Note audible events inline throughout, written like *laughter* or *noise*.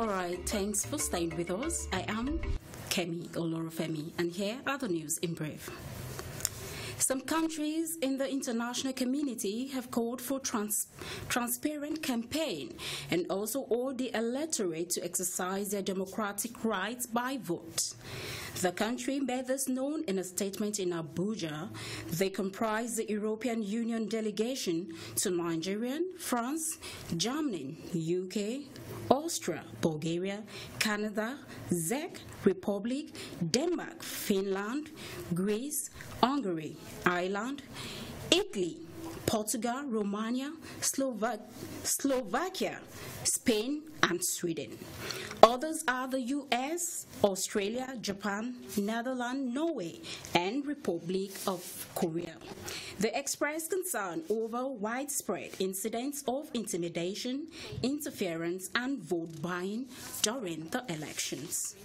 All right, thanks for staying with us. I am Kemi Olorofemi, and here are the news in brief. Some countries in the international community have called for trans transparent campaign and also all the electorate to exercise their democratic rights by vote. The country made this known in a statement in Abuja. They comprise the European Union delegation to Nigeria, France, Germany, UK, Austria, Bulgaria, Canada, Czech Republic, Denmark, Finland, Greece, Hungary, Ireland, Italy, Portugal, Romania, Slovakia, Spain, and Sweden. Others are the US, Australia, Japan, Netherlands, Norway, and Republic of Korea. They expressed concern over widespread incidents of intimidation, interference, and vote buying during the elections.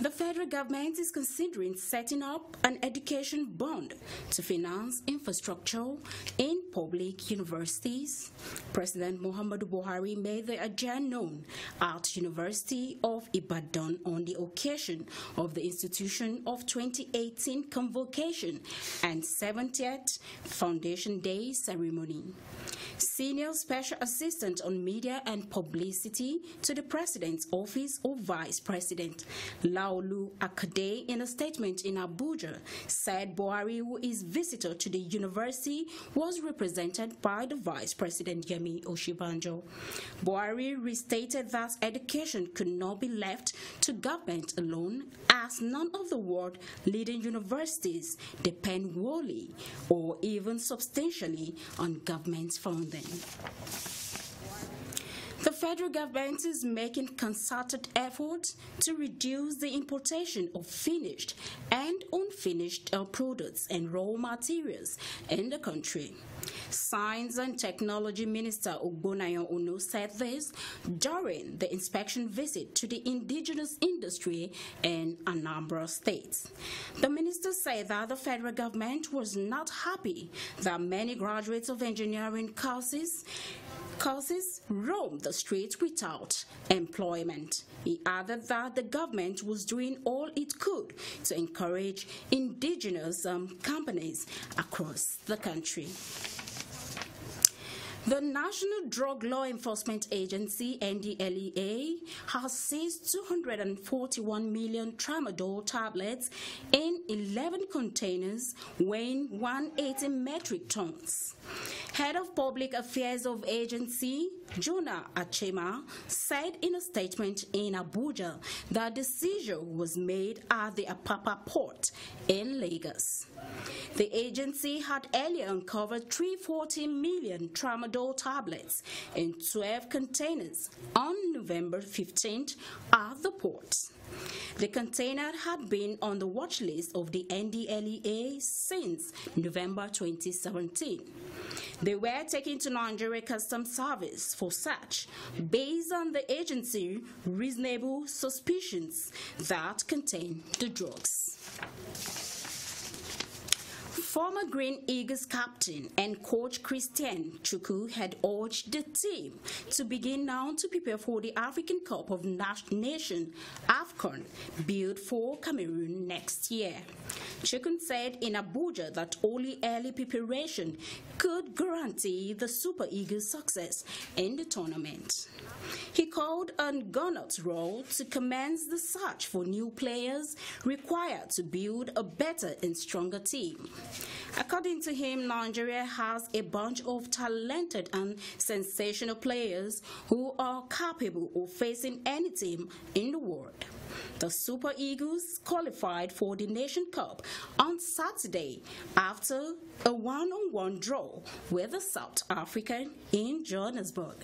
The federal government is considering setting up an education bond to finance infrastructure in public universities. President Muhammad Buhari made the agenda known at University of Ibadan on the occasion of the institution of 2018 convocation and 70th Foundation Day ceremony. Senior Special Assistant on Media and Publicity to the President's Office or Vice President. Laolu Akade, in a statement in Abuja, said Buhari, who is visitor to the university, was represented by the Vice President Yemi Oshibanjo. Buhari restated that education could not be left to government alone as none of the world leading universities depend wholly or even substantially on government funds building. The federal government is making concerted efforts to reduce the importation of finished and unfinished uh, products and raw materials in the country. Science and Technology Minister Ogbonayan Ono said this during the inspection visit to the indigenous industry in a number of states. The minister said that the federal government was not happy that many graduates of engineering courses causes roam the streets without employment. He added that the government was doing all it could to encourage indigenous um, companies across the country. The National Drug Law Enforcement Agency, NDLEA, has seized 241 million tramadol tablets in 11 containers weighing 180 metric tons. Head of Public Affairs of Agency, Jonah Achema, said in a statement in Abuja that the seizure was made at the Apapa port in Lagos. The agency had earlier uncovered 340 million tramadol tablets in 12 containers on November 15th at the port. The container had been on the watch list of the NDLEA since November 2017. They were taken to Nigeria Customs Service for search based on the agency reasonable suspicions that contained the drugs. あ。Former Green Eagles captain and coach Christian Chukwu had urged the team to begin now to prepare for the African Cup of Nations AFCON, built for Cameroon next year. Chukwu said in Abuja that only early preparation could guarantee the Super Eagles success in the tournament. He called on Gunnott's role to commence the search for new players required to build a better and stronger team. According to him, Nigeria has a bunch of talented and sensational players who are capable of facing any team in the world. The Super Eagles qualified for the Nation Cup on Saturday after a one-on-one draw with the South African in Johannesburg.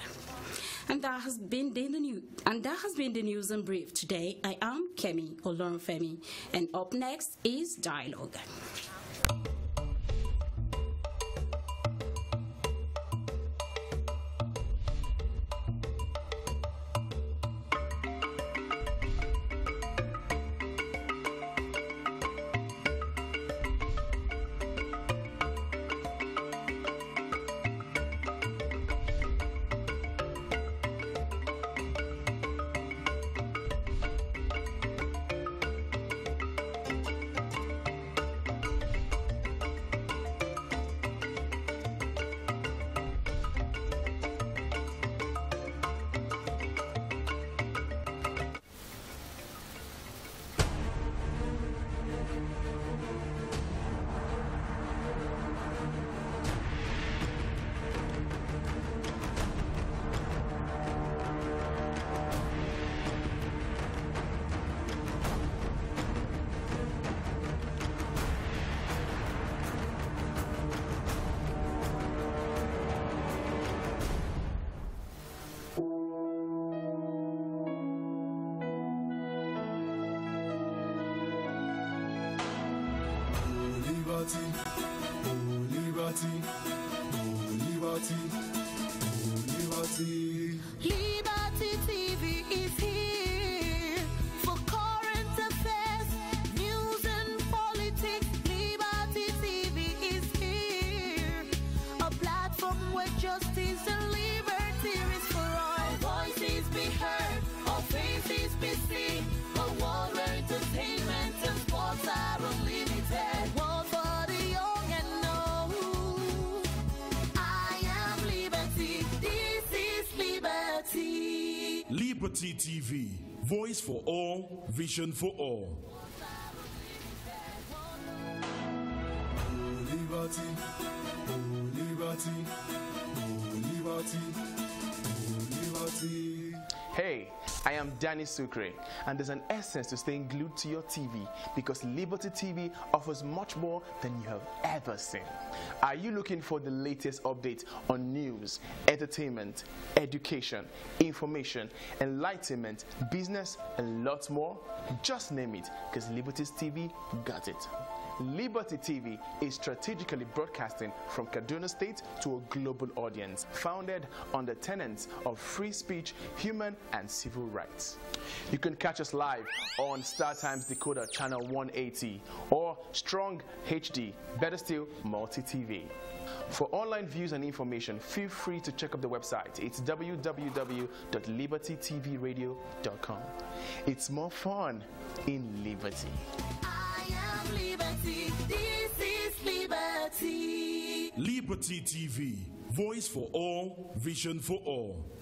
And that has been the news. And that has been the news and brief today. I am Kemi Olorunfemi, and up next is Dialogue. melting TV voice for all, vision for all. Hey, I am Danny Sucre, and there's an essence to staying glued to your TV because Liberty TV offers much more than you have ever seen. Are you looking for the latest updates on news, entertainment, education, information, enlightenment, business, and lots more? Just name it because Liberty's TV got it. Liberty TV is strategically broadcasting from Kaduna State to a global audience, founded on the tenets of free speech, human and civil rights. You can catch us live on Star Times Decoder Channel 180 or Strong HD, better still, Multi TV. For online views and information, feel free to check out the website. It's www.libertytvradio.com. It's more fun in liberty. Liberty TV, voice for all, vision for all.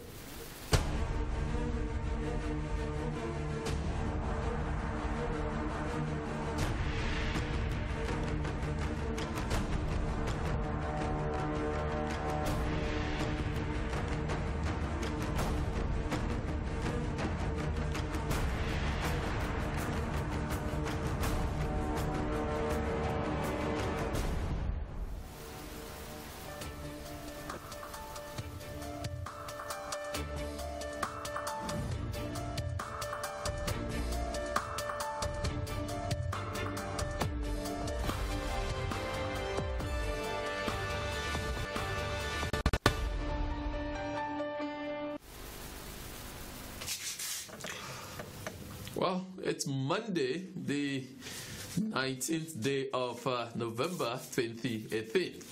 It's Monday, the 19th day of uh, November 2018.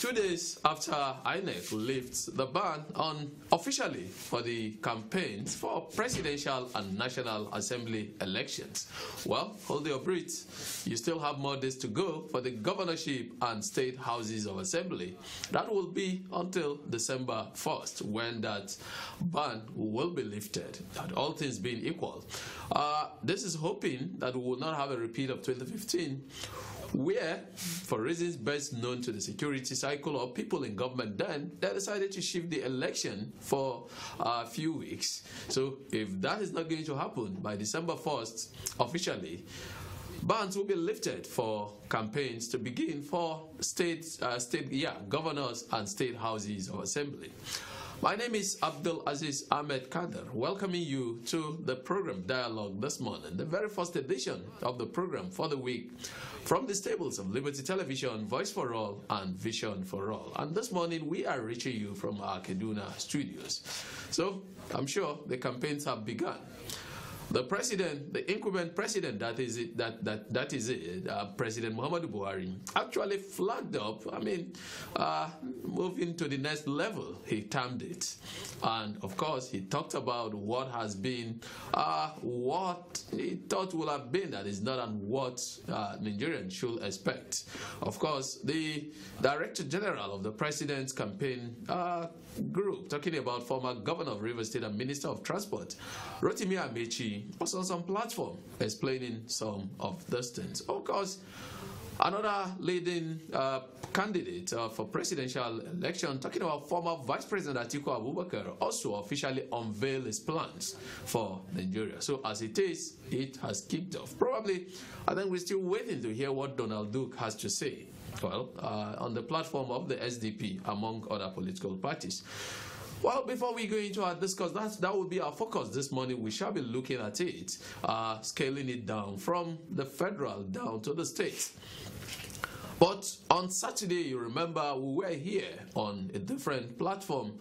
Two days after INEC lifts the ban on officially for the campaigns for presidential and national assembly elections. Well, hold your breath. You still have more days to go for the governorship and state houses of assembly. That will be until December 1st when that ban will be lifted, That all things being equal. Uh, this is hoping that we will not have a repeat of 2015 where, for reasons best known to the security cycle or people in government then, they decided to shift the election for a few weeks. So if that is not going to happen by December 1st, officially, bans will be lifted for campaigns to begin for state, uh, state yeah, governors and state houses of assembly. My name is Abdul Aziz Ahmed Kader, welcoming you to the program Dialogue this morning, the very first edition of the program for the week from the stables of Liberty Television, Voice for All, and Vision for All. And this morning we are reaching you from our Kaduna studios. So I'm sure the campaigns have begun. The president, the incumbent president, that is it, that that that is it, uh, President Muhammadu Buhari, actually flagged up. I mean, uh, moving to the next level, he termed it, and of course, he talked about what has been, uh, what he thought would have been that is not, and what uh, Nigerians should expect. Of course, the Director General of the President's campaign uh, group, talking about former Governor of Rivers State and Minister of Transport, Rotimi Amechi was on some platform explaining some of those things. Of course, another leading uh, candidate uh, for presidential election, talking about former Vice President Atiku Abubakar, also officially unveiled his plans for Nigeria. So as it is, it has kicked off. Probably, I think we're still waiting to hear what Donald Duke has to say well, uh, on the platform of the SDP, among other political parties. Well, before we go into our discuss, that that will be our focus this morning. We shall be looking at it, uh, scaling it down from the federal down to the states. But on Saturday, you remember, we were here on a different platform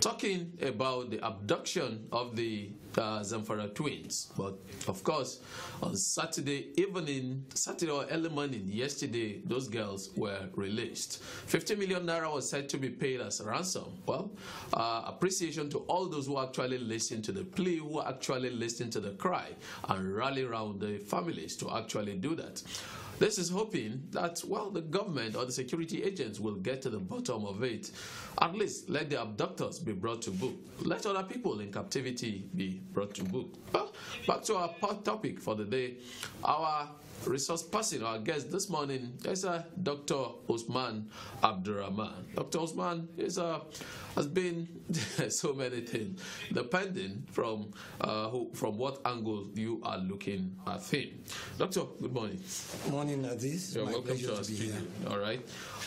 talking about the abduction of the uh, Zamfara twins. But of course, on Saturday evening, Saturday or early morning yesterday, those girls were released. 50 million naira was said to be paid as a ransom. Well, uh, appreciation to all those who actually listened to the plea, who actually listened to the cry, and rally around the families to actually do that. This is hoping that, while the government or the security agents will get to the bottom of it. At least let the abductors be brought to book. Let other people in captivity be brought to book. Well, back to our topic for the day. Our resource person, our guest this morning, is uh, Dr. Osman Abdurrahman. Dr. Osman is a uh, has been *laughs* so many things, depending from uh, who, from what angle you are looking at him. Doctor, good morning. Morning, Aziz. You're My welcome to be here. All right.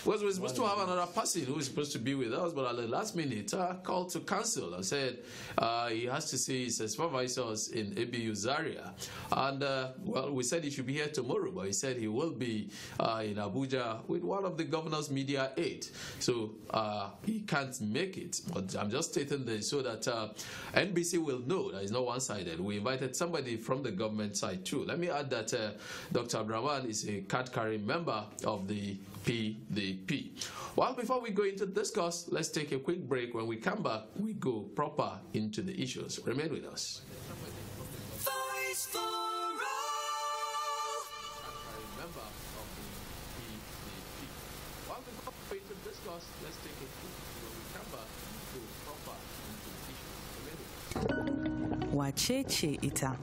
Well, we're supposed to have another person who is supposed to be with us, but at the last minute, uh, called to cancel and said uh, he has to see his supervisors in ABU Zaria. And uh, well, we said he should be here tomorrow, but he said he will be uh, in Abuja with one of the governor's media aides, So uh, he can't make take it. But I'm just stating this so that uh, NBC will know that it's not one sided. We invited somebody from the government side too. Let me add that uh, Dr. Abraman is a card carrying member of the PDP. Well, before we go into discuss, let's take a quick break. When we come back, we go proper into the issues. Remain with us. mace ce ita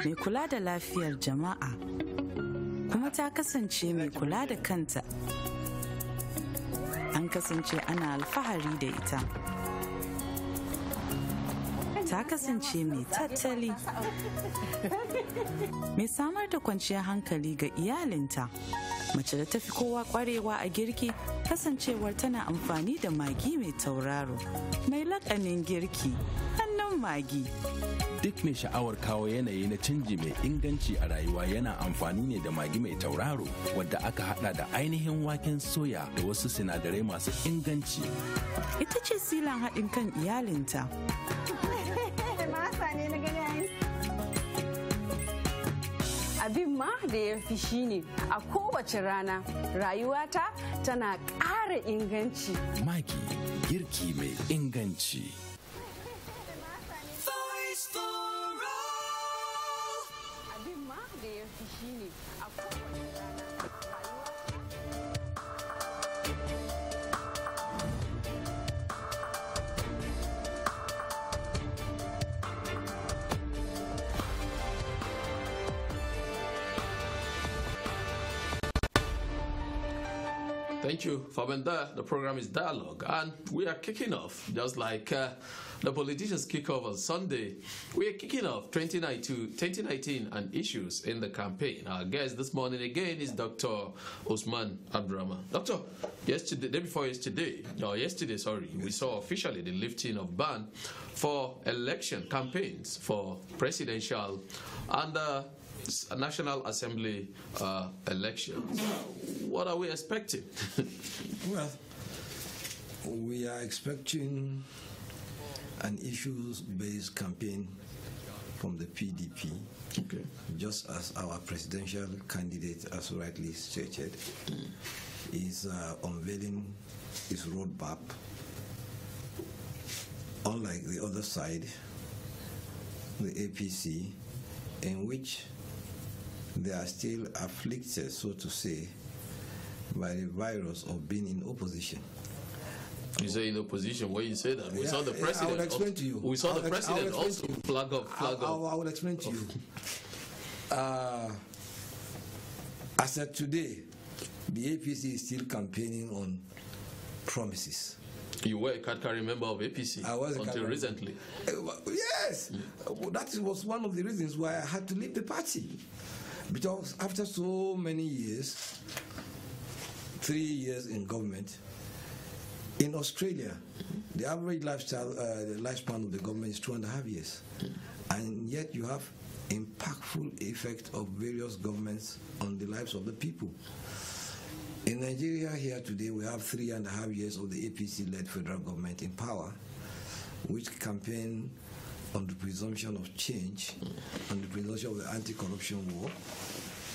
mai kula da lafiyar jama'a kuma ta kasance mai kula da kanta an kasance ana alfahari da ita ta kasance mai tattali mai samar da kwanciyar hankali ga iyalinta mace da tafi kowa kwarewa a girki kasancewar tana amfani da magi mai tauraro mai lakanin girki magi. Duk mai sha'awar kawo yanayi na canji mai inganci a rayuwa yana amfani ne da magi mai tauraro wadda aka hada da ainihin waken soya da wasu sinadarai masu inganci. Ita ce silan haɗin kan iyalinta. abin ma da ya fi shine a kowace rana rayuwata tana ƙara inganci. magi girki mai inganci. From there, the program is dialogue, and we are kicking off just like uh, the politicians kick off on Sunday. We are kicking off 2019, 2019 and issues in the campaign. Our guest this morning again is Dr. Osman Abdrama. Doctor, yesterday, day before yesterday, or yesterday, sorry, we saw officially the lifting of ban for election campaigns for presidential and uh, National Assembly uh, election, what are we expecting? *laughs* well, we are expecting an issues-based campaign from the PDP, okay. just as our presidential candidate has rightly stated, is uh, unveiling his roadmap. Unlike the other side, the APC, in which they are still afflicted, so to say, by the virus of being in opposition. You say in opposition. Why you say that? We yeah, saw the president. I will explain to you. We saw the president also flag up, flag I, up. I will explain to you. Uh, as of today, the APC is still campaigning on promises. You were a card carrying member of APC I was until recently. Eh, yes, that was one of the reasons why I had to leave the party. Because after so many years, three years in government, in Australia, the average lifestyle, uh, the lifespan of the government is two and a half years. And yet you have impactful effect of various governments on the lives of the people. In Nigeria here today, we have three and a half years of the APC-led federal government in power, which campaign on the presumption of change, on the presumption of the anti corruption war.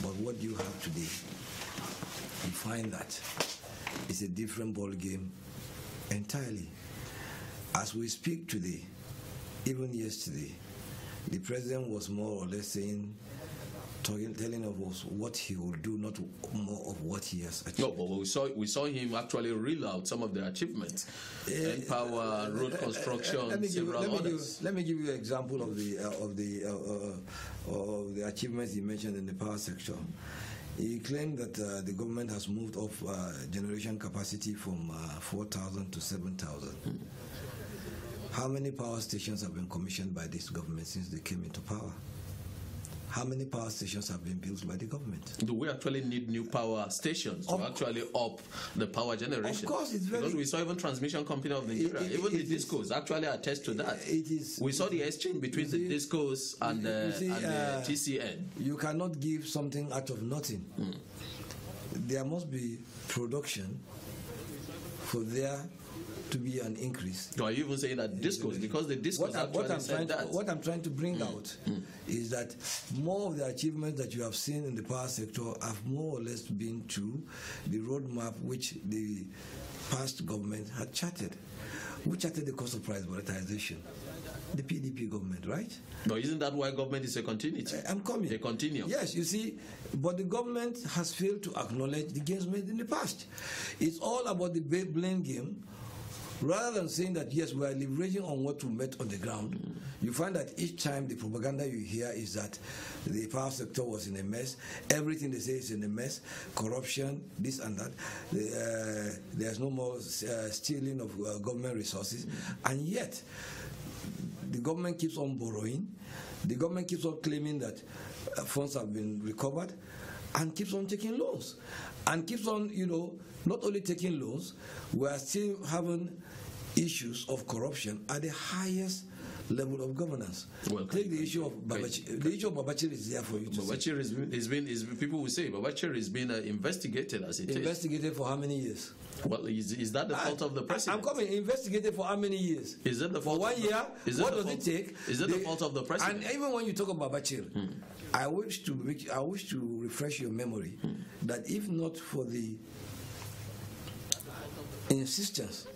But what do you have today, you find that it's a different ball game entirely. As we speak today, even yesterday, the president was more or less saying telling of us what he will do, not more of what he has achieved. No, but we saw we saw him actually reel out some of the achievements, uh, power, eh, road construction, uh, uh, let me give, let others. Give, let me give you an example of the uh, of the uh, uh, of the achievements he mentioned in the power section. He claimed that the government has moved up generation capacity from 4,000 to 7,000. Hmm. How many power stations have been commissioned by this government since they came into power? how many power stations have been built by the government? Do we actually need new power stations of to actually up the power generation? Of course, it's very because we saw even transmission company of Nigeria, it, it, even it the is, discos actually attest to that. It is. We saw the exchange between see, the discos and, the, see, and uh, TCN. You cannot give something out of nothing. Mm. There must be production for their to be an increase. No, you even saying that discourse because the discourse what, I, what I'm trying to, what I'm trying to bring mm. out mm. is that more of the achievements that you have seen in the power sector have more or less been to the roadmap which the past government had charted. which charted the cost of price monetization? The PDP government, right? No, isn't that why government is a continuity? I'm coming. A continuum. Yes, you see, but the government has failed to acknowledge the gains made in the past. It's all about the blame game Rather than saying that, yes, we are leveraging on what we met on the ground, you find that each time the propaganda you hear is that the power sector was in a mess, everything they say is in a mess, corruption, this and that, uh, there's no more uh, stealing of uh, government resources, and yet the government keeps on borrowing, the government keeps on claiming that uh, funds have been recovered, and keeps on taking loans and keeps on, you know, not only taking loans, we are still having issues of corruption at the highest level of governance. Well, Take the issue of Babachir. The issue of Babachir is there for you to Babachir is, is been, people will say Babachir is being uh, investigated as it investigated for how many years? Well, is, is that the ah, fault I, of the president? I'm coming. Investigated for how many years? Is it the fault? For one year. Is what does fault, it take? Is that the, the, fault of the president? And even when you talk about Babachir, hmm. I wish to make, I wish to refresh your memory hmm. that if not for the insistence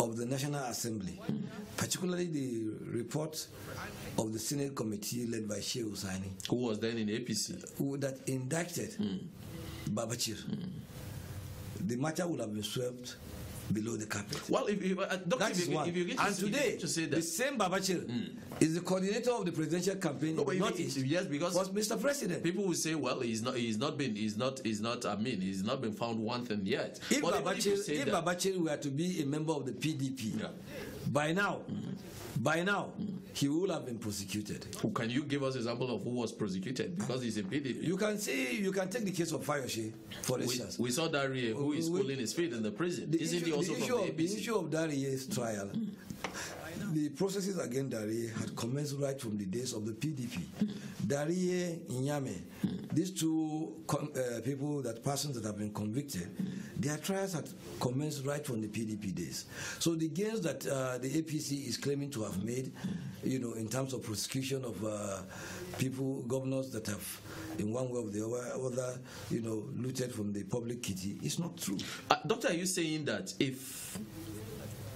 of the National Assembly, particularly the report of the Senate Committee led by Sheikh Hussaini. Who was then in the APC? Who, that indicted mm. Babachir. Mm. The matter would have been swept below the carpet. Well, if, if, uh, doctor, if, you, if you get to and see, today, to say that. the same Babachir mm. is the coordinator of the presidential campaign. No, not if, if, yes, because was Mr. President. People will say, well, he's not, he's not been, he's not, he's not. I mean, he's not been found wanting yet. If well, Babachir, if, if Babachir were to be a member of the PDP, yeah. by now. Mm by now, he will have been prosecuted. can you give us example of who was prosecuted? Because he's a PD. You can see, you can take the case of Fayoshe, for instance. We, we saw Darie, who is pulling his feet in the prison. The Isn't issue, he also the from the, of, the issue of Darie's trial the processes against Darie had commenced right from the days of the PDP. Hmm. Darie Inyame, hmm. these two uh, people, that persons that have been convicted, hmm. their trials had commenced right from the PDP days. So the gains that uh, the APC is claiming to have made, you know, in terms of prosecution of uh, people, governors that have, in one way or the other, you know, looted from the public kitty, is not true. Uh, doctor, are you saying that if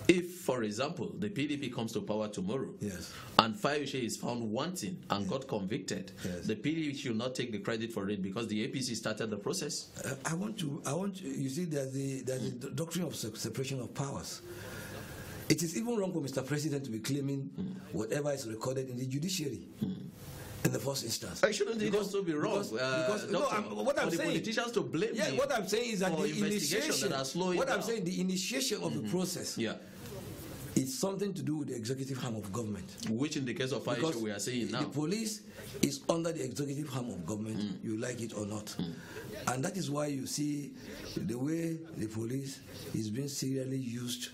if, for example, the PDP comes to power tomorrow yes. and Fayoshe is found wanting and yes. got convicted, yes. the PDP should not take the credit for it because the APC started the process. Uh, I want to, I want to, you see, there's the, there's the mm. doctrine of separation of powers. It is even wrong for Mr. President to be claiming mm. whatever is recorded in the judiciary. Mm in the first instance. I shouldn't it also be wrong? Because, uh, because no, I'm, what I'm saying, politicians to blame. Yeah, what I'm saying is that the initiation. That what I'm saying, the initiation of mm -hmm. the mm-hmm. process. Yeah. It's something to do with the executive arm of government. Which, in the case of Aisha, we are saying now. The police is under the executive arm of government, mm. you like it or not. Mm. And that is why you see the way the police is being serially used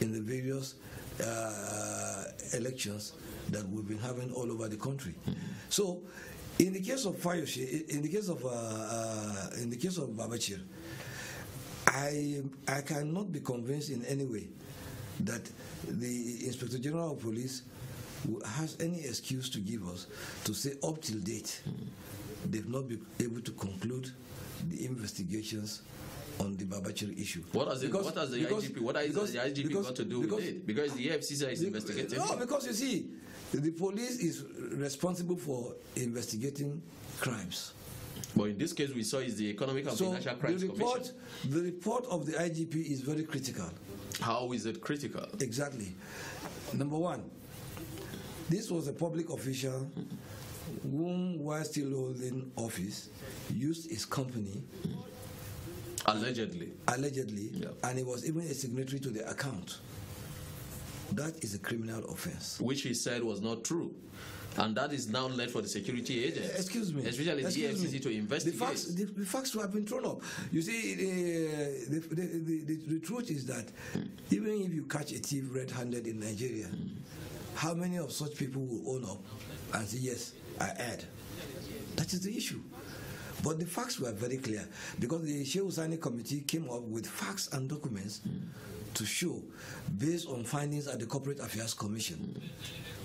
in the various uh, elections that we've been having all over the country. Mm. So, in the case of Fayoshe, in the case of uh, uh, in the case of Babachir, I I cannot be convinced in any way that the Inspector General of Police has any excuse to give us to say up till date they've not been able to conclude the investigations on the Babachir issue. What has, because, the, what has the because, IGP, what has the IGP because, got to do because, with it? Because the EFCC is investigating. No, because you see, the police is responsible for investigating crimes. But in this case, we saw is the Economic and so Financial Crimes the report, Commission. The report of the IGP is very critical. How is it critical? Exactly. Number one, this was a public official whom, while still holding office, used his company. Allegedly. Allegedly. Yeah. And he was even a signatory to the account. That is a criminal offense. Which he said was not true. And that is now led for the security agents, Excuse me. Especially Excuse the EFCC to investigate. The facts, the, the facts have been thrown up. You see, the, the, the, the, the truth is that mm. even if you catch a thief red handed in Nigeria, mm. how many of such people will own up and say, yes, I had? That is the issue. But the facts were very clear because the Sheikh Zani committee came up with facts and documents mm. to show based on findings at the Corporate Affairs Commission,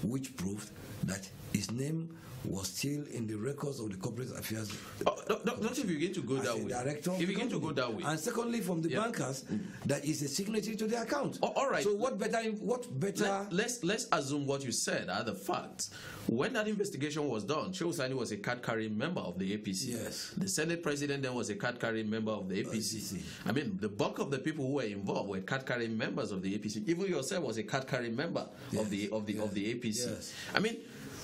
which proved that his name was still in the records of the Corporate Affairs. Oh, not if you begin to go that way. Director if you begin to go that way. And secondly, from the yeah. bankers, mm. that is a signature to the account. Oh, all right. So what better? What better? Let, let's let's assume what you said are the facts. When that investigation was done, Chosani was a card-carrying member of the APC. Yes. The Senate president then was a card-carrying member of the APC. APC. I mean, the bulk of the people who were involved were card-carrying members of the APC even yourself was a card carrying member yes. of the of the yes. of the APC. Yes. I mean,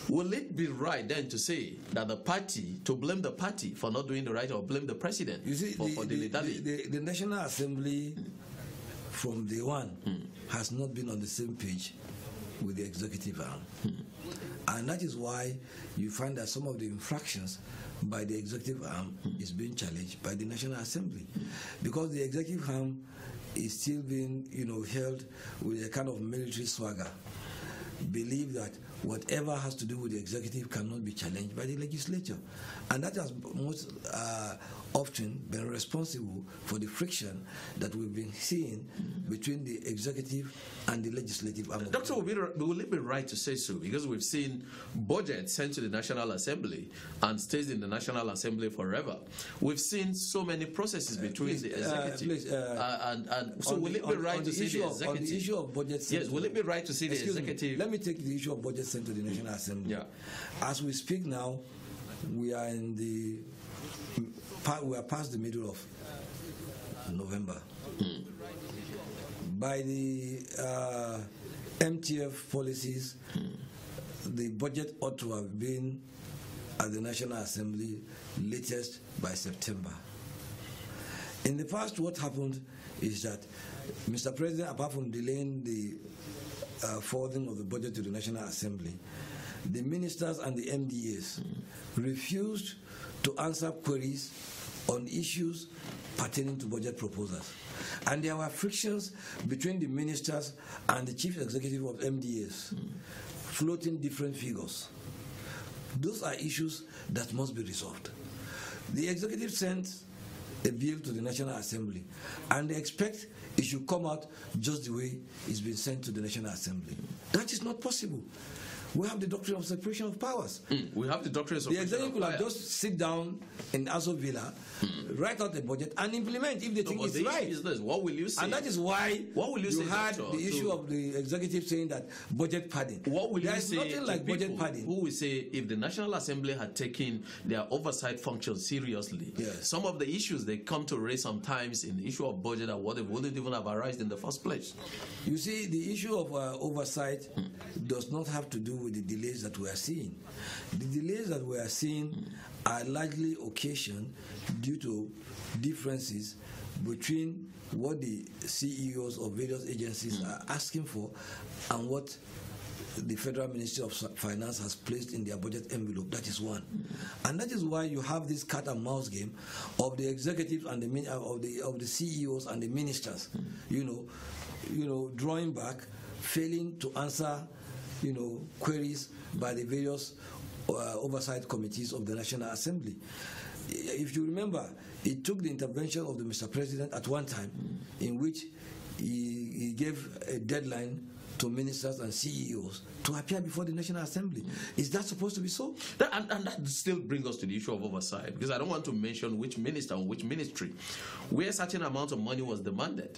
will it be right then to say that the party to blame the party for not doing the right or blame the president you see, for, the, for the, the, the, the National Assembly from day one mm. has not been on the same page with the executive arm. Mm. And that is why you find that some of the infractions by the executive arm mm. is being challenged by the National Assembly. Hmm. Because the executive arm is still being, you know, held with a kind of military swagger. Believe that whatever has to do with the executive cannot be challenged by the legislature, and that has most uh, often been responsible for the friction that we've been seeing between the executive and the legislative. Doctor, will, be, will it be right to say so? Because we've seen budgets sent to the National Assembly and stays in the National Assembly forever. We've seen so many processes uh, between uh, please, the uh, executive. Uh, please, uh, and, and so will the, it be on, right to see the executive? issue of budget Yes, will it be right to see the executive? Me, let me take the issue of budget sent to the National Assembly. Yeah. As we speak now, we are in the we are past the middle of November. Mm. By the uh, MTF policies, mm. the budget ought to have been at the National Assembly latest by September. In the past, what happened is that Mr. President, apart from delaying the uh, forwarding of the budget to the National Assembly, the ministers and the MDAs mm. refused to answer queries on issues pertaining to budget proposals. And there were frictions between the ministers and the chief executive of MDAs, floating different figures. Those are issues that must be resolved. The executive sent a bill to the National Assembly, and they expect it should come out just the way it's been sent to the National Assembly. That is not possible we have the doctrine of separation of powers. Mm, we have the doctrine of separation. The executive could have just sit down in Azov Villa, mm. write out the budget, and implement if they no, think it's the right. Is this. What will you say? And that is why what will you, you say, had doctor, the issue of the executive saying that budget padding. What will there you is say nothing like budget padding. Who will say if the National Assembly had taken their oversight function seriously, yes. some of the issues they come to raise sometimes in the issue of budget are what they wouldn't even have arisen in the first place. You see, the issue of uh, oversight mm. does not have to do with the delays that we are seeing. The delays that we are seeing are largely occasioned due to differences between what the CEOs of various agencies are asking for and what the Federal Ministry of Finance has placed in their budget envelope. That is one, and that is why you have this cat and mouse game of the executives and the uh, of the of the CEOs and the ministers. You know, you know, drawing back, failing to answer you know, queries by the various uh, oversight committees of the National Assembly. If you remember, it took the intervention of the Mr. President at one time, in which he, he gave a deadline to ministers and CEOs to appear before the National Assembly. Is that supposed to be so? That, and, and, that still brings us to the issue of oversight, because I don't want to mention which minister or which ministry, where certain amount of money was demanded.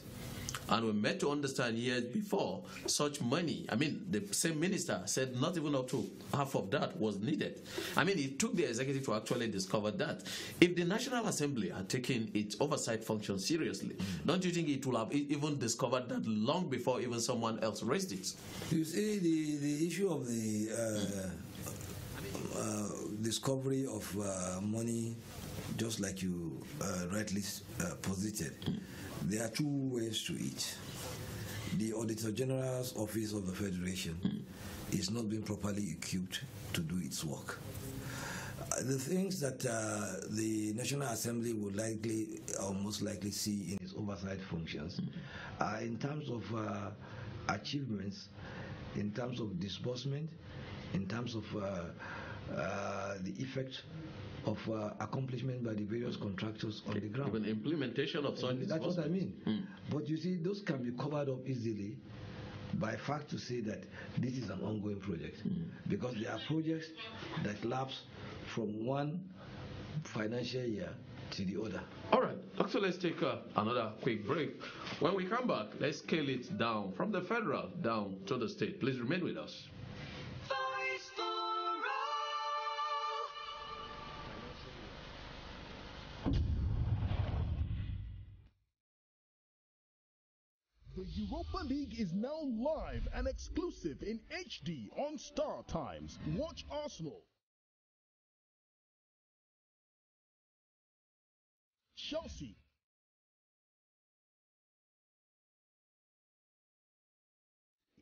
And we met to understand years before such money. I mean, the same minister said not even up to half of that was needed. I mean, it took the executive to actually discover that. If the National Assembly had taken its oversight function seriously, don't you think it will have even discovered that long before even someone else raised it? You see, the, the issue of the uh, uh, discovery of uh, money, just like you uh, rightly uh, posited. Mm there are two ways to it. The Auditor General's Office of the Federation mm. is not being properly equipped to do its work. Uh, the things that uh, the National Assembly would likely or most likely see in its oversight functions mm. are in terms of uh, achievements, in terms of disbursement, in terms of uh, uh the effect of uh, accomplishment by the various mm-hmm. contractors on the ground. Even implementation of such. That's what I mean. Mm. But you see, those can be covered up easily by fact to say that this is an ongoing project mm. because there are projects that lapse from one financial year to the other. All right, so let's take uh, another quick break. When we come back, let's scale it down from the federal down to the state. Please remain with us. Europa League is now live and exclusive in HD on Star Times. Watch Arsenal. Chelsea.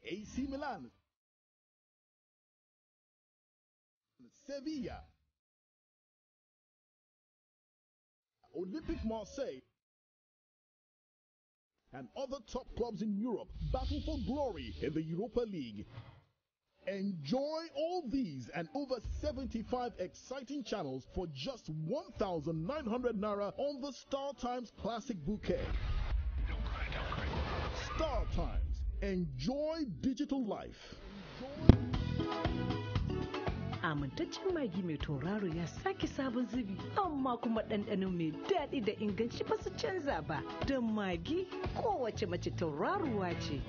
AC Milan. Sevilla. Olympic Marseille and other top clubs in Europe battle for glory in the Europa League. Enjoy all these and over 75 exciting channels for just 1,900 Naira on the Star Times Classic Bouquet. Don't cry, don't cry. Star Times. Enjoy digital life. Enjoy Amintaccen magi mai tauraro ya sake sabon zubi, amma kuma ɗanɗano mai daɗi da inganci ba su canza ba, don magi kowace mace tauraruwa ce.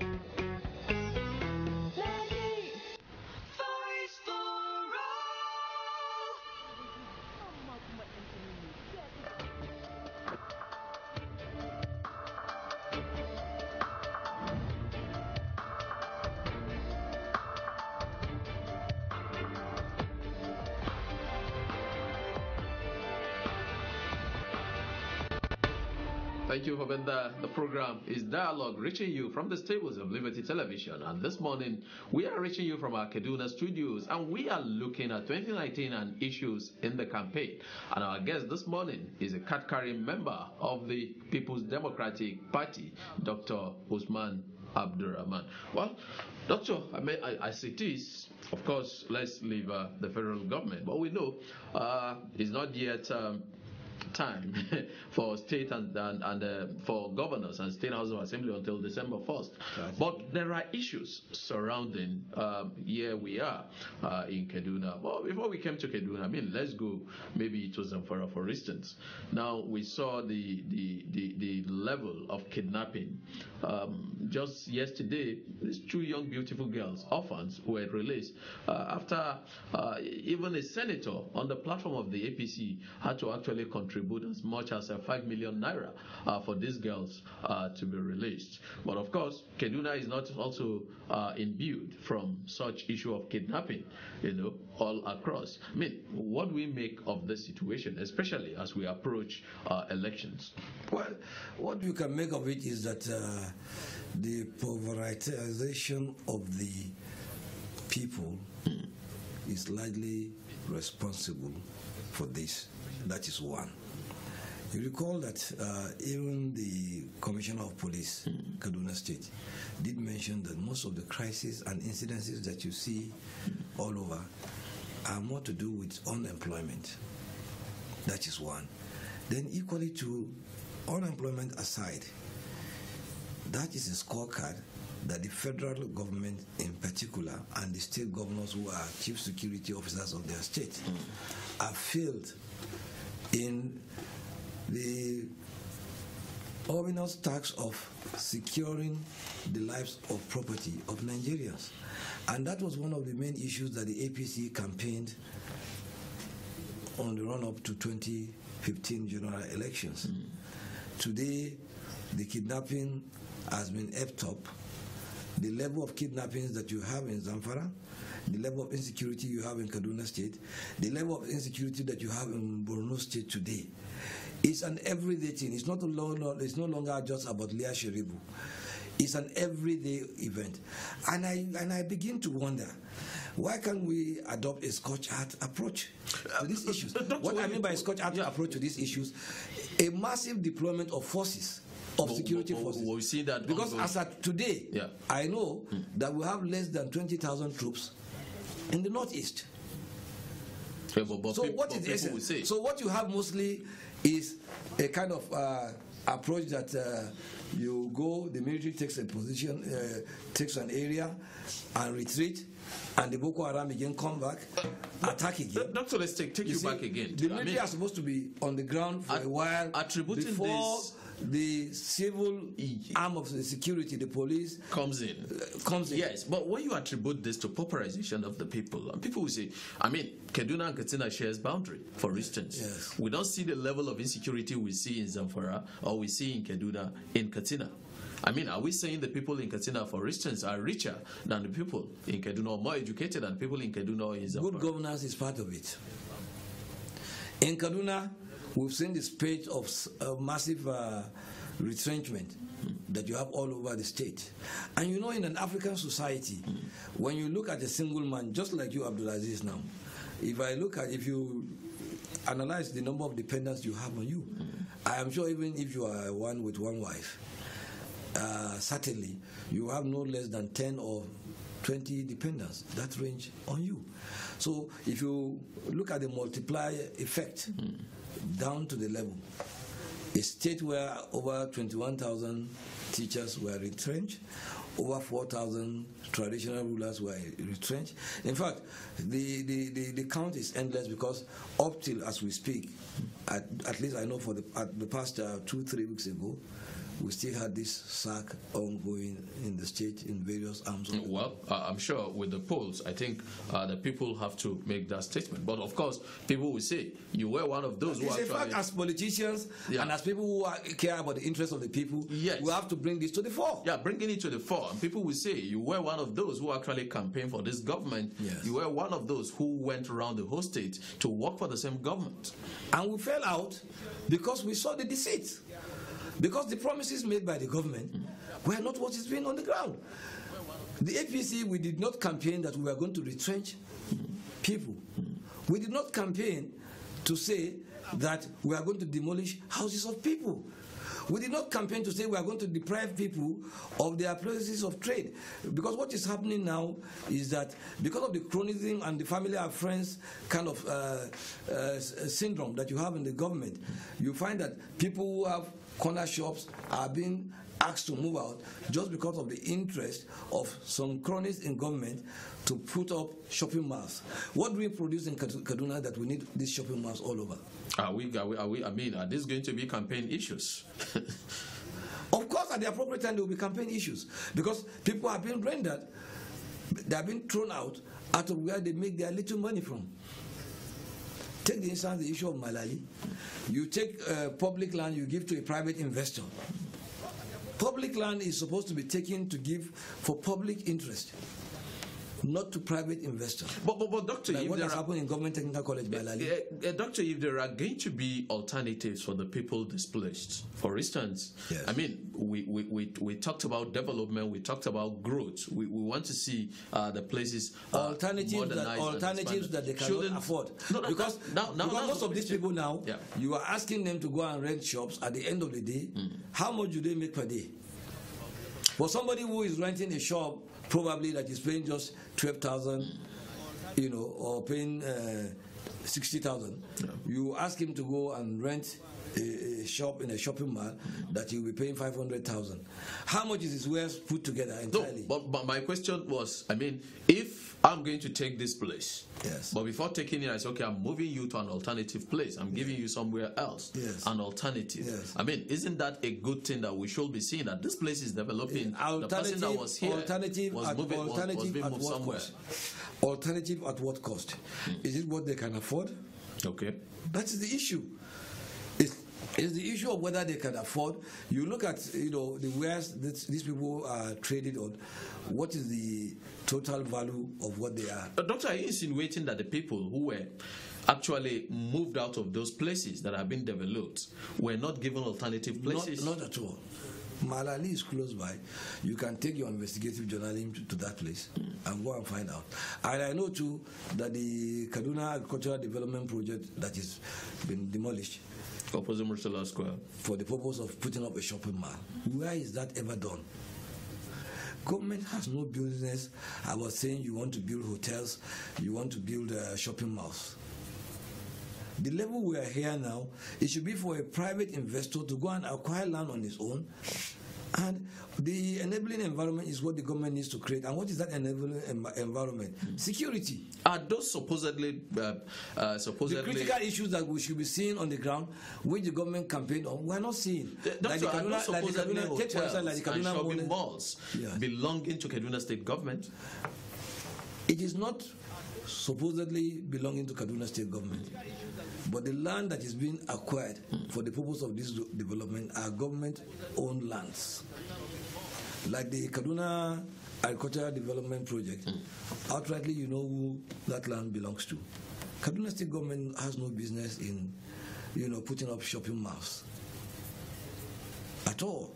program is Dialogue reaching you from the stables of Liberty Television. And this morning, we are reaching you from our Kaduna studios and we are looking at 2019 and issues in the campaign. And our guest this morning is a card member of the People's Democratic Party, Dr. Usman Abdurrahman. Well, Doctor, I mean, as it is, of course, let's leave uh, the federal government, but we know uh, it's not yet. Um, time *laughs* for state and, and, and uh, for governors and state house of assembly until December 1st. But there are issues surrounding um, here we are uh, in Kaduna. Well, before we came to Kaduna, I mean, let's go maybe to Zamfara, for instance. Now, we saw the, the, the, the level of kidnapping. Um, just yesterday, these two young, beautiful girls, orphans, were released uh, after uh, even a senator on the platform of the APC had to actually contribute contribute as much as a uh, 5 million naira uh, for these girls uh, to be released. But of course, Kaduna is not also imbued from such issue of kidnapping, you know, all across. I mean, what do we make of this situation, especially as we approach elections? Well, what you can make of it is that the pulverization of the people is largely responsible for this. That is one. You recall that uh, even the Commissioner of Police, mm. Kaduna State, did mention that most of the crises and incidences that you see mm. all over are more to do with unemployment. That is one. Then, equally to unemployment aside, that is a scorecard that the federal government in particular and the state governors who are chief security officers of their state mm. are failed in the ominous task of securing the lives of property of Nigerians. And that was one of the main issues that the APC campaigned on the run up to 2015 general elections. Mm. Today, the kidnapping has been epped up. The level of kidnappings that you have in Zamfara, the level of insecurity you have in Kaduna State, the level of insecurity that you have in Borno State today, it's an everyday thing. It's not alone, it's no longer just about Leah Sheribu. It's an everyday event. And I and I begin to wonder why can't we adopt a Scotch art approach to these issues? *laughs* what I mean by Scotch art yeah. approach to these issues, a massive deployment of forces of but, security but, forces. We see that because ongoing. as at today, yeah. I know hmm. that we have less than twenty thousand troops in the northeast. Yeah, but, so people, what is the essence? So what you have mostly is a kind of uh, approach that uh, you go, the military takes a position, uh, takes an area, and retreat, and the Boko Haram again come back, attack again. Not let Let's take, take you, you see, back again. The military I mean, are supposed to be on the ground for at, a while attributing before this the civil arm of the security, the police, comes in. Uh, comes in. Yes, but when you attribute this to pauperization of the people, and people will say, I mean, Kaduna and Katsina shares boundary, for instance. Yes. We don't see the level of insecurity we see in Zamfara or we see in Kaduna, in Katsina. I mean, are we saying the people in Katsina, for instance, are richer than the people in Kaduna, or more educated than people in Kaduna or in Zamfara? Good governance is part of it. In Kaduna, We've seen this page of uh, massive uh, retrenchment that you have all over the state. And you know, in an African society, when you look at a single man, just like you, Abdulaziz, now, if I look at, if you analyze the number of dependents you have on you, I am sure even if you are one with one wife, uh, certainly you have no less than 10 or 20 dependents, that range on you. So if you look at the multiplier effect, mm down to the level. A state where over 21,000 teachers were retrenched, over 4,000 traditional rulers were retrenched. In fact, the, the, the, the, count is endless because up till as we speak, at, at least I know for the, the past uh, two, three weeks ago, we still had this sack ongoing in the state in various arms. well, uh, I'm sure with the polls, I think uh, the people have to make that statement. But of course, people will say you were one of those it's who. In fact, as politicians yeah. and as people who are, care about the interests of the people, yes. we have to bring this to the fore. Yeah, bringing it to the fore, and people will say you were one of those who actually campaigned for this government. Yes. You were one of those who went around the whole state to work for the same government. And we fell out because we saw the deceit. Because the promises made by the government were not what is being on the ground. The APC, we did not campaign that we were going to retrench people. We did not campaign to say that we are going to demolish houses of people. We did not campaign to say we are going to deprive people of their places of trade. Because what is happening now is that because of the cronism and the family and friends kind of uh, uh, syndrome that you have in the government, you find that people who have corner shops are being asked to move out just because of the interest of some cronies in government to put up shopping malls. What do we produce in Kaduna that we need these shopping malls all over? Are we, are we, are we I mean, are these going to be campaign issues? *laughs* of course, at the appropriate time, they will be campaign issues because people have been rendered, they have been thrown out out of where they make their little money from. Take the instance the issue of Malali. You take uh, public land, you give to a private investor. Public land is supposed to be taken to give for public interest not to private investors. But, but, but doctor, like what has are, happened in Government Technical College by eh, Lali. Uh, uh, doctor, if there are going to be alternatives for the people displaced, for instance, yes. I mean, we, we, we, we, talked about development, we talked about growth. We, we want to see uh, the places uh, alternatives that alternatives that they cannot Shouldn't, afford. No, no, because now, now, because now, most of these people now, yeah. you are asking them to go and rent shops. At the end of the day, mm. how much do they make per day? For somebody who is renting a shop probably that is paying just 12,000, you know, or paying uh, 60,000. Yeah. You ask him to go and rent a, a shop in a shopping mall that you'll be paying 500,000. How much is his wares put together entirely? No, but, but my question was, I mean, if I'm going to take this place. Yes. But before taking it, I said, okay, I'm moving you to an alternative place. I'm giving yeah. you somewhere else. Yes. An alternative. Yes. I mean, isn't that a good thing that we should be seeing that this place is developing? Yeah. The person that was here alternative was at, what alternative was, was being moved somewhere. Cost? Alternative at what cost? Hmm. Is it what they can afford? Okay. That is the issue. It's the issue of whether they can afford. You look at you know the where these people are traded on. What is the total value of what they are? Uh, doctor, are you insinuating that the people who were actually moved out of those places that have been developed were not given alternative places? Not, not at all. Malali is close by. You can take your investigative journalism to, to that place mm. and go and find out. And I know too that the Kaduna Agricultural Development Project that has been demolished Opposite Murtala Square. For the purpose of putting up a shopping mall. Where is that ever done? Government has no business about saying you want to build hotels, you want to build uh, shopping malls. The level we are here now, it should be for a private investor to go and acquire land on his own, and the enabling environment is what the government needs to create. And what is that enabling em- environment? Hmm. Security. Are those supposedly uh, uh, supposedly the critical issues that we should be seeing on the ground, which the government campaigned on, we're not seeing. Uh, like the Kaduna, like the Kaduna, hotels like the Kaduna and shopping malls belonging to Kaduna State government. It is not supposedly belonging to Kaduna State government. But the land that is being acquired for the purpose of this development are government owned lands. Like the Kaduna Agricultural Development Project, outrightly you know who that land belongs to. Kaduna State government has no business in, you know, putting up shopping malls at all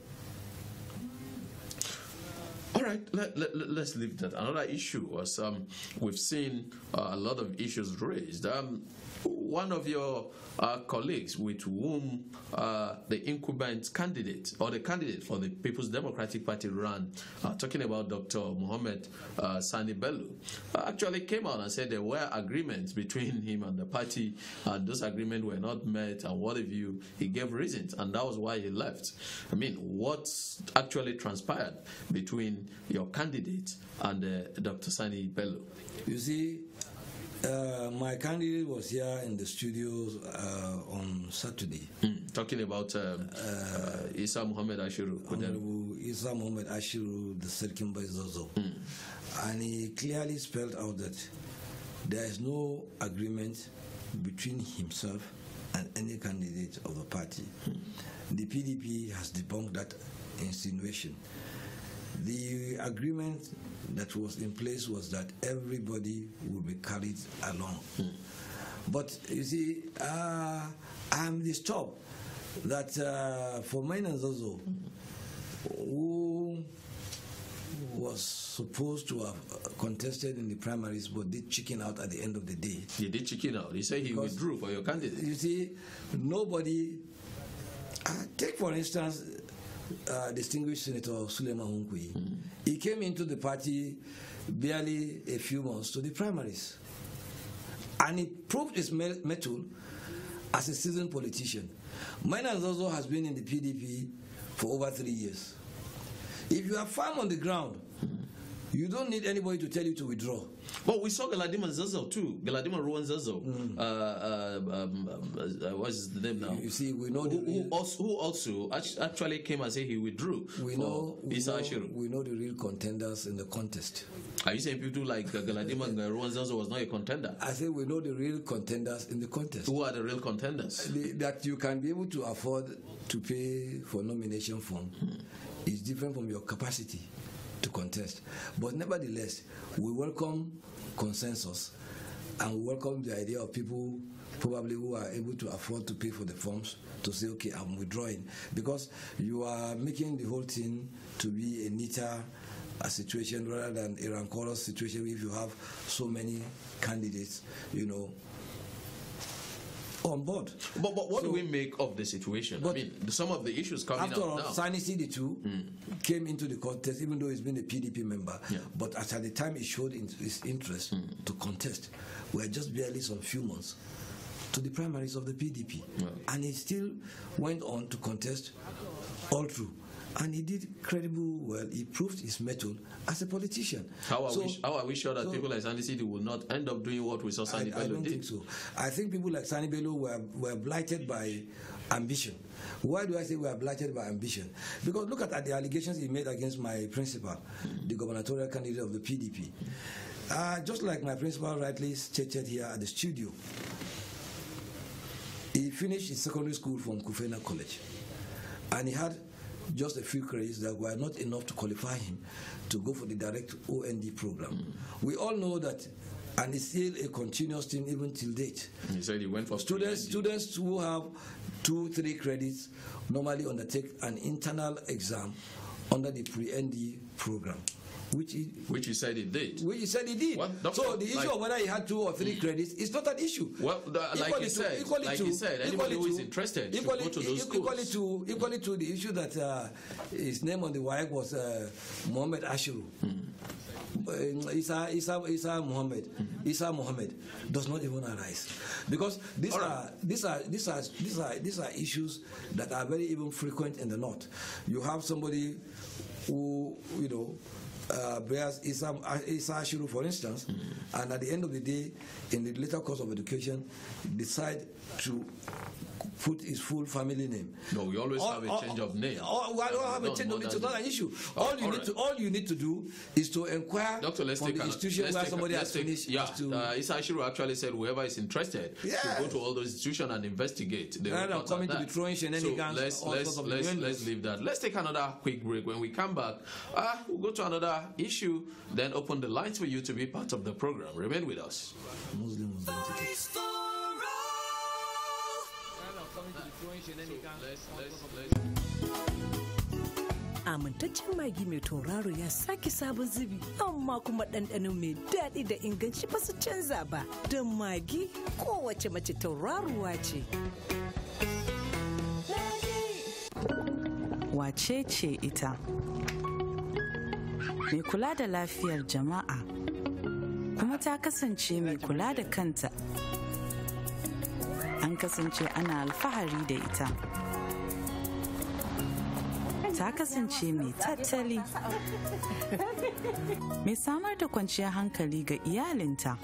right, let, let, us leave that. Another issue was um, we've seen uh, a lot of issues raised. Um, one of your uh, colleagues with whom uh, the incumbent candidate or the candidate for the People's Democratic Party ran, uh, talking about Dr. Mohamed uh, Sani Bello, uh, actually came out and said there were agreements between him and the party, and those agreements were not met, and what have you. He gave reasons, and that was why he left. I mean, what actually transpired between your candidate and uh, Dr. Sani Bello? You see, uh, my candidate was here in the studios uh, on Saturday. Mm, talking about um, uh, uh Isa Muhammad Ashiru. Isa Muhammad Ashiru, the Zozo. Mm. And he clearly spelled out that there is no agreement between himself and any candidate of the party. Mm. The PDP has debunked that insinuation. The agreement that was in place was that everybody would be carried along. Mm. But you see, uh, I'm disturbed that uh, for Miners also, who was supposed to have contested in the primaries but did chicken out at the end of the day. He did chicken out. He said he because withdrew for your candidate. You see, nobody. Uh, take for instance uh, distinguished Senator Suleiman Hunkui. Mm. He came into the party barely a few months to the primaries. And he proved his mettle as a seasoned politician. Minan also has been in the PDP for over three years. If you are firm on the ground, mm. You don't need anybody to tell you to withdraw. But we saw Galadima Zozo too. Galadima Rowan Mm. Uh, uh, um, uh, uh, what's the name now? You see, we know who, the, who, also, who also actually came and said he withdrew. We know, we know, we know the real contenders in the contest. Are you saying people like uh, Galadima *laughs* Rowan was not a contender? I say we know the real contenders in the contest. Who are the real contenders? The, that you can be able to afford to pay for nomination form hmm. is different from your capacity to contest. But nevertheless, we welcome consensus and we welcome the idea of people probably who are able to afford to pay for the forms to say, okay, I'm withdrawing. Because you are making the whole thing to be a neater a situation rather than a rancorous situation if you have so many candidates, you know, on board. But, but what so, do we make of the situation? I mean, some of the issues coming after all, Sani CD2 mm. came into the contest, even though he's been a PDP member. Yeah. But at the time, he showed his interest mm. to contest. We're just barely some few months to the primaries of the PDP. And he still went on to contest all through and he did credible well. He proved his mettle as a politician. How are, so, we, how are we sure that so, people like Sandy City will not end up doing what we saw Sandy I, Bello I don't did? think so. I think people like Sandy Bello were, were blighted by ambition. Why do I say we are blighted by ambition? Because look at, at the allegations he made against my principal, the gubernatorial candidate of the PDP. Uh, just like my principal rightly stated here at the studio, he finished his secondary school from Kufena College and he had just a few credits that were not enough to qualify him to go for the direct OND program. Mm. We all know that and it's still a continuous thing even till date. He said he went for students. Students who have two, three credits normally undertake an internal exam under the pre-ND program. Which, he, which you said he did. Which you said he did. What, doctor, so the issue like, of whether he had two or three credits is not an issue. Well, the, like he to, said, like to, he said, anybody who is interested equally, should go to those equally schools. To, equally to the issue that uh, his name on the WAEC was uh, Mohammed Ashiru. Mm. Uh, Isa, Isa, Isa Muhammad, mm. Isa Muhammad does not even arise, because these right. are these are these are these are these are issues that are very even frequent in the north. You have somebody who you know uh, bears Islam, Isa for instance, mm and at the end of the day, in the later course of education, decide to Food is full family name. No, we always all, have a all, change of name. All, we don't have no, a change of name. It's not an issue. All, oh, all you right. need to all you need to do is to inquire Doctor, let's from take the institution let's where take, somebody has take, finished. Yeah, to, uh, Isashiru actually said whoever is interested yes. should go to all those institutions and investigate. they Rather than coming to be throwing shenanigans. So let's let's let's, let's leave that. Let's take another quick break. When we come back, uh, we'll go to another issue. Then open the lines for you to be part of the program. Remain with us. Muslim identity. Amintaccen magi mai tauraro ya sake sabon zubi, amma kuma ɗanɗano mai daɗi da inganci ba su canza ba, don magi kowace mace tauraruwa ce. Wace ce ita? Mai kula da lafiyar jama'a, kuma ta kasance mai kula da kanta. kasance ana alfahari da ita ta kasance mai tattali mai samar da kwanciyar hankali ga iyalinta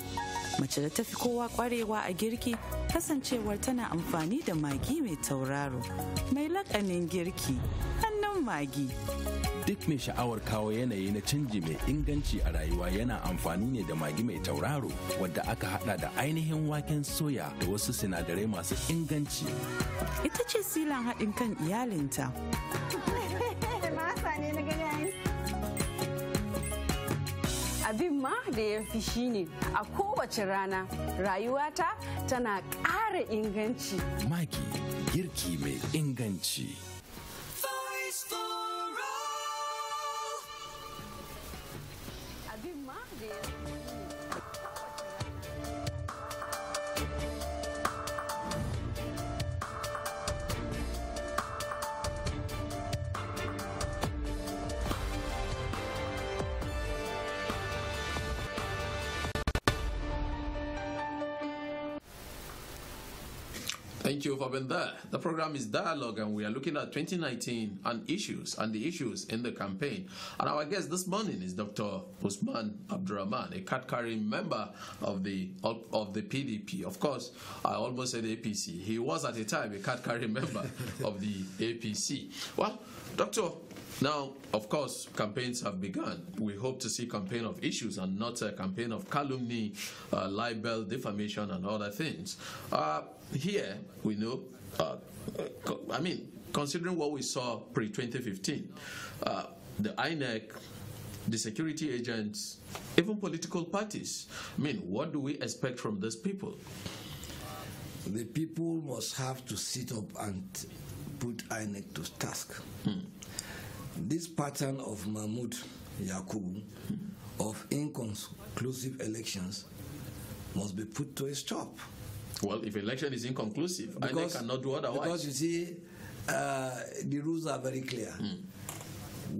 mace da tafi kowa kwarewa a girki kasancewar tana amfani da magi mai tauraro mai laƙanin girki magi. Duk mai sha'awar kawo yanayi na canji mai inganci a rayuwa yana amfani ne da magi mai tauraro wadda aka hada da ainihin waken soya da wasu sinadarai masu inganci. Ita ce silan haɗin kan iyalinta. abin ma da ya fi shi ne a kowace rana rayuwata tana ƙara inganci. Magi girki mai inganci. program is Dialogue, and we are looking at 2019 and issues and the issues in the campaign. And our guest this morning is Dr. Usman Abdurrahman, a card carrying member of the of the PDP. Of course, I almost said APC. He was at a time a card carrying *laughs* member of the APC. Well, Doctor, now, of course, campaigns have begun. We hope to see campaign of issues and not a campaign of calumny, uh, libel, defamation, and other things. Uh, here, we know uh, I mean, considering what we saw pre 2015, uh, the INEC, the security agents, even political parties. I mean, what do we expect from these people? The people must have to sit up and put INEC to task. Hmm. This pattern of Mahmoud Yakubu hmm. of inconclusive elections must be put to a stop. Well, if election is inconclusive, because, I cannot do otherwise. Because you see, uh, the rules are very clear. Mm.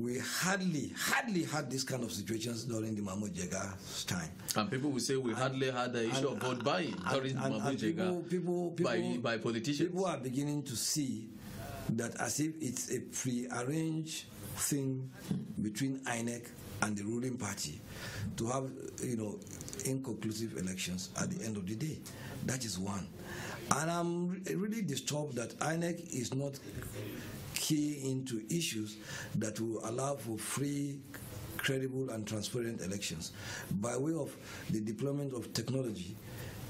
We hardly, hardly had this kind of situations during the Mahmoud Jega's time. And people will say we and, hardly had the issue and, of vote buying during and, Mahmoud Jega people, people, by, people, by politicians. People are beginning to see that as if it's a pre-arranged thing hmm. between INEC and the ruling party to have, you know, inconclusive elections at the end of the day. That is one. And I'm really disturbed that INEC is not key into issues that will allow for free credible and transparent elections by way of the deployment of technology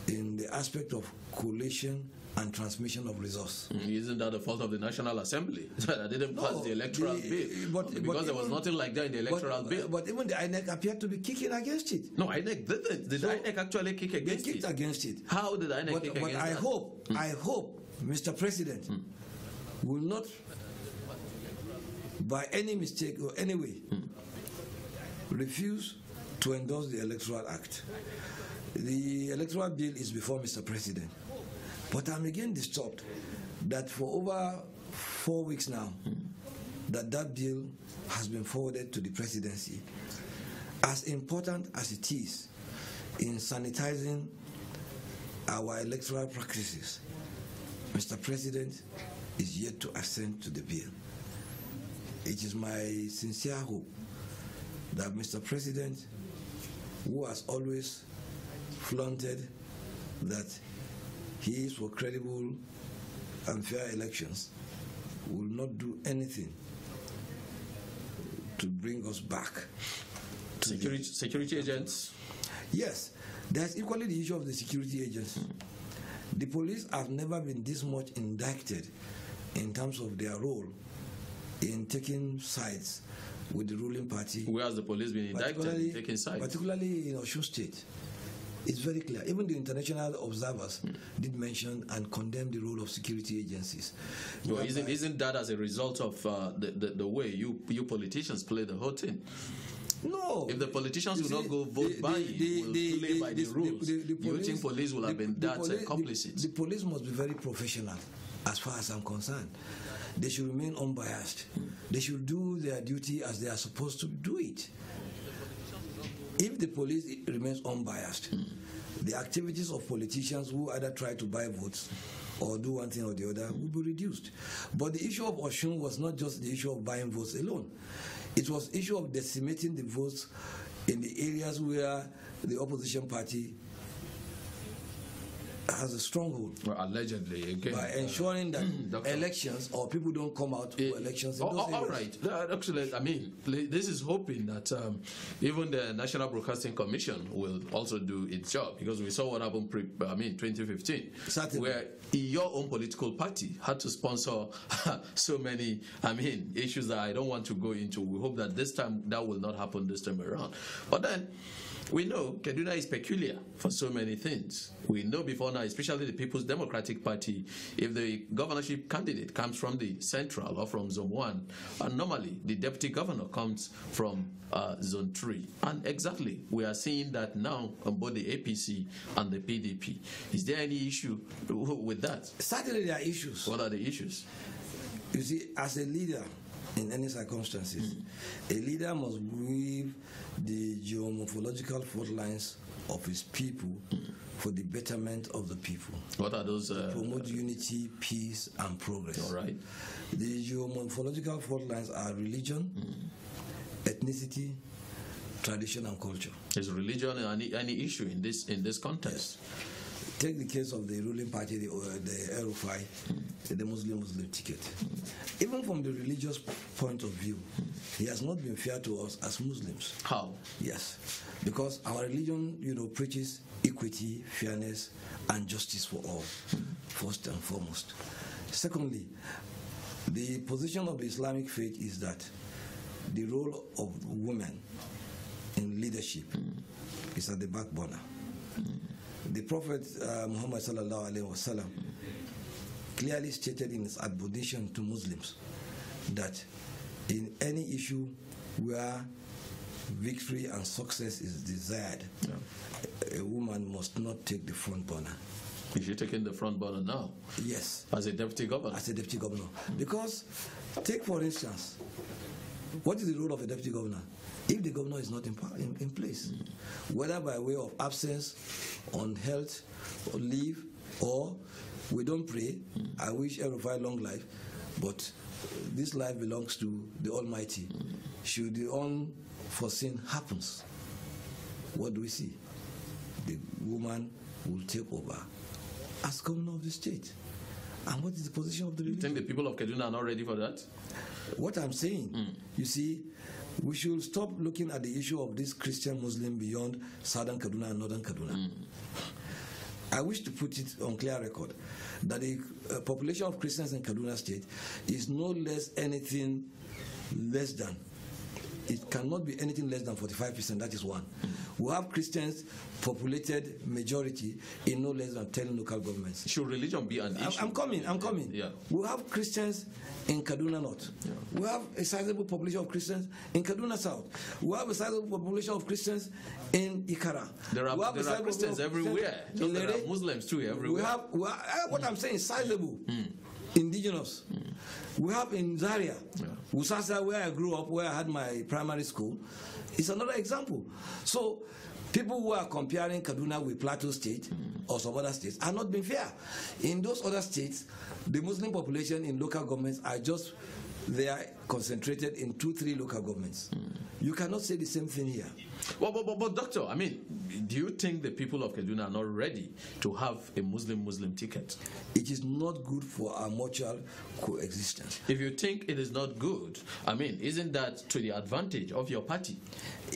in the aspect of coalition and transmission of resource. Mm, isn't that the fault of the National Assembly *laughs* that didn't no, pass the electoral the, bill? But, because but there even, was nothing like that in the electoral but, bill. But even the INEC appeared to be kicking against it. No, INEC didn't. Did so INEC actually kick against they kicked it? against it. How did INEC but, kick but against I that? hope, mm. I hope, Mr. President, mm. will not, by any mistake or any way, mm. refuse to endorse the Electoral Act. The Electoral Bill is before Mr. President. But I'm again disturbed that for over four weeks now, that that bill has been forwarded to the presidency. As important as it is in sanitizing our electoral practices, Mr. President is yet to assent to the bill. It is my sincere hope that Mr. President, who has always flaunted that he is for credible and fair elections, will not do anything to bring us back. Security, security agents? Yes, there's equally the issue of the security agents. Mm. The police have never been this much indicted in terms of their role in taking sides with the ruling party. Where has the police been indicted taking sides? Particularly in Osun State. It's very clear. Even the international observers mm. did mention and condemn the role of security agencies. Well, isn't, isn't that as a result of uh, the, the, the way you, you politicians play the whole thing? No. If the politicians will not go vote the, by the, you, will the, play by the, rules, the, police, you think police will have been that police, complicit? The, police must be very professional, as far as I'm concerned. They should remain unbiased. They should do their duty as they are supposed to do it if the police remains unbiased, mm. the activities of politicians who either try to buy votes or do one thing or the other will be reduced. But the issue of Oshun was not just the issue of buying votes alone. It was issue of decimating the votes in the areas where the opposition party has a stronghold. Well, allegedly, again. By ensuring that *clears throat* elections or people don't come out for eh, elections. Oh, oh, all right. Actually, I mean, this is hoping that um, even the National Broadcasting Commission will also do its job because we saw what happened, pre, I mean, 2015, Certainly. where your own political party had to sponsor *laughs* so many, I mean, issues that I don't want to go into. We hope that this time that will not happen this time around. But then, we know Kaduna is peculiar for so many things. We know before now, especially the People's Democratic Party, if the governorship candidate comes from the central or from zone one, and normally the deputy governor comes from uh, zone three. And exactly, we are seeing that now on both the APC and the PDP. Is there any issue with that? Certainly, there are issues. What are the issues? You see, as a leader, in any circumstances. Mm. A leader must give the geomorphological fault lines of his people for the betterment of the people. What are those? Uh, promote unity, peace, and progress. All right. The geomorphological fault lines are religion, mm. ethnicity, tradition, and culture. Is religion any, any issue in this in this context? Yes. Take the case of the ruling party, the, uh, the RFI, the Muslim Muslim ticket. Even from the religious point of view, he has not been fair to us as Muslims. How? Yes, because our religion, you know, preaches equity, fairness, and justice for all, first and foremost. Secondly, the position of the Islamic faith is that the role of women in leadership is at the back burner. Mm. The Prophet uh, Muhammad wasallam clearly stated in his admonition to Muslims that in any issue where victory and success is desired, yeah. a woman must not take the front burner. Is she taking the front burner now? Yes. As a deputy governor? As a deputy governor. Because, take for instance, what is the role of a deputy governor? If the governor is not in, in, in place, whether by way of absence, on health, or leave, or we don't pray, I wish everybody long life, but this life belongs to the Almighty. Should the unforeseen happens, what do we see? The woman will take over as governor of the state. And what is the position of the religion? You think the people of Kaduna are not ready for that? What I'm saying, mm. you see, we should stop looking at the issue of this Christian Muslim beyond southern Kaduna and northern Kaduna. Mm. I wish to put it on clear record that the uh, population of Christians in Kaduna State is no less anything less than. It cannot be anything less than 45%, that is one. Mm. We have Christians populated majority in no less than 10 local governments. Should religion be an issue? I'm coming, I'm coming. Yeah. We have Christians in Kaduna North. Yeah. We have a sizable population of Christians in Kaduna South. We have a sizable population of Christians in Ikara. There are, there are Christians everywhere. there are Muslims too everywhere. We have, we have eh, what mm. I'm saying, sizable. Mm, mm. indigenous. Mm. We have in Zaria, yeah. Usasa, where I grew up, where I had my primary school, is another example. So People who are comparing Kaduna with Plateau State mm. or some other states are not being fair. In those other states, the Muslim population in local governments are just they are concentrated in two, three local governments. Mm. You cannot say the same thing here. Well, but, but, but, doctor, I mean, do you think the people of Kaduna are not ready to have a Muslim-Muslim ticket? It is not good for our mutual coexistence. If you think it is not good, I mean, isn't that to the advantage of your party?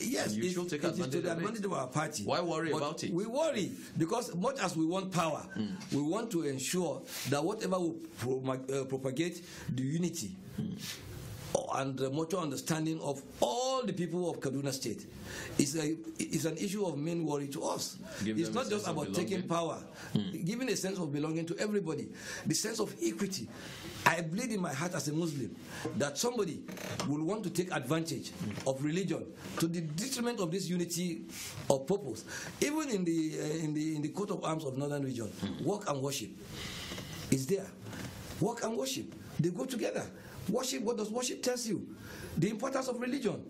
yes, you should take advantage, advantage of, our party. Why worry but about it? We worry because much as we want power, mm. we want to ensure that whatever we pro uh, propagate, the unity. Mm and the mutual understanding of all the people of Kaduna State. is a, an issue of main worry to us. Give it's not just about taking power, mm. giving a sense of belonging to everybody, the sense of equity. I bleed in my heart as a Muslim that somebody will want to take advantage of religion to the detriment of this unity of purpose. Even in the, uh, in the, in the coat of arms of Northern Region, work and worship is there. Work and worship, they go together. Worship, what does worship tells you? The importance of religion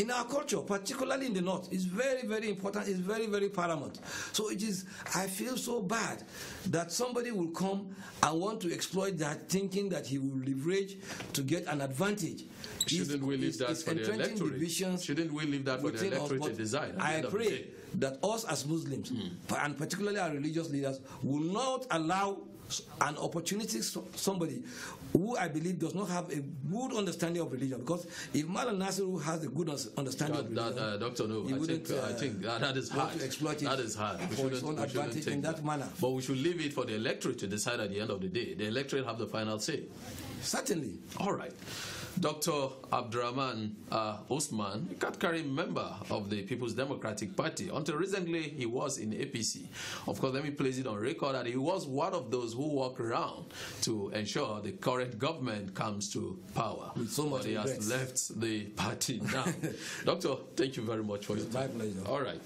in our culture, particularly in the north, it's very, very important, it's very, very paramount. So it is, I feel so bad that somebody will come and want to exploit that, thinking that he will leverage to get an advantage. Shouldn't we leave that for the electorate? Shouldn't we leave that for the electorate I pray that us as Muslims, mm. and particularly our religious leaders, will not allow an opportunity somebody who I believe does not have a good understanding of religion. Because if Malan Nasiru has a good understanding that, of religion, that, uh, Doctor, no, I think, uh, I uh, think that, that is hard. that is hard. We for his own advantage in that, that manner. But we should leave it for the electorate to decide at the end of the day. The electorate have the final say. Certainly. All right. Dr. Abdurrahman uh, Osman, a Katkari member of the People's Democratic Party. Until recently, he was in APC. Of course, let me place it on record that he was one of those who walk around to ensure the current government comes to power. With so much but he has left the party now. *laughs* Doctor, thank you very much for it's your time. My pleasure. All right.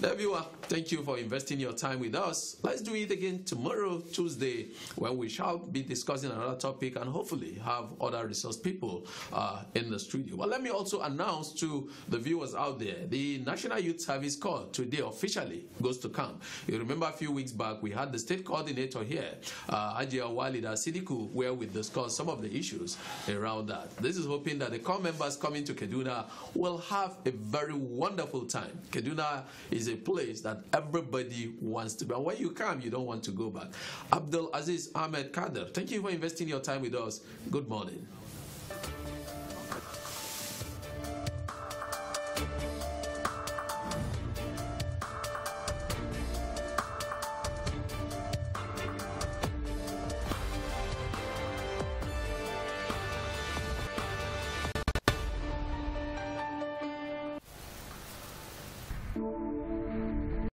There you are. Thank you for investing your time with us. Let's do it again tomorrow, Tuesday, when we shall be discussing another topic and hopefully have other resource people uh, in the studio. Well, let me also announce to the viewers out there the National Youth Service Call today officially goes to camp. You remember a few weeks back we had the state coordinator here, uh, Ajia Walida Sidiku, where we discussed some of the issues around that. This is hoping that the core members coming to Kaduna will have a very wonderful time. Kaduna is a place that everybody wants to be. And when you come, you don't want to go back. Abdul Aziz Ahmed Kader, thank you for investing your time with us. Good morning.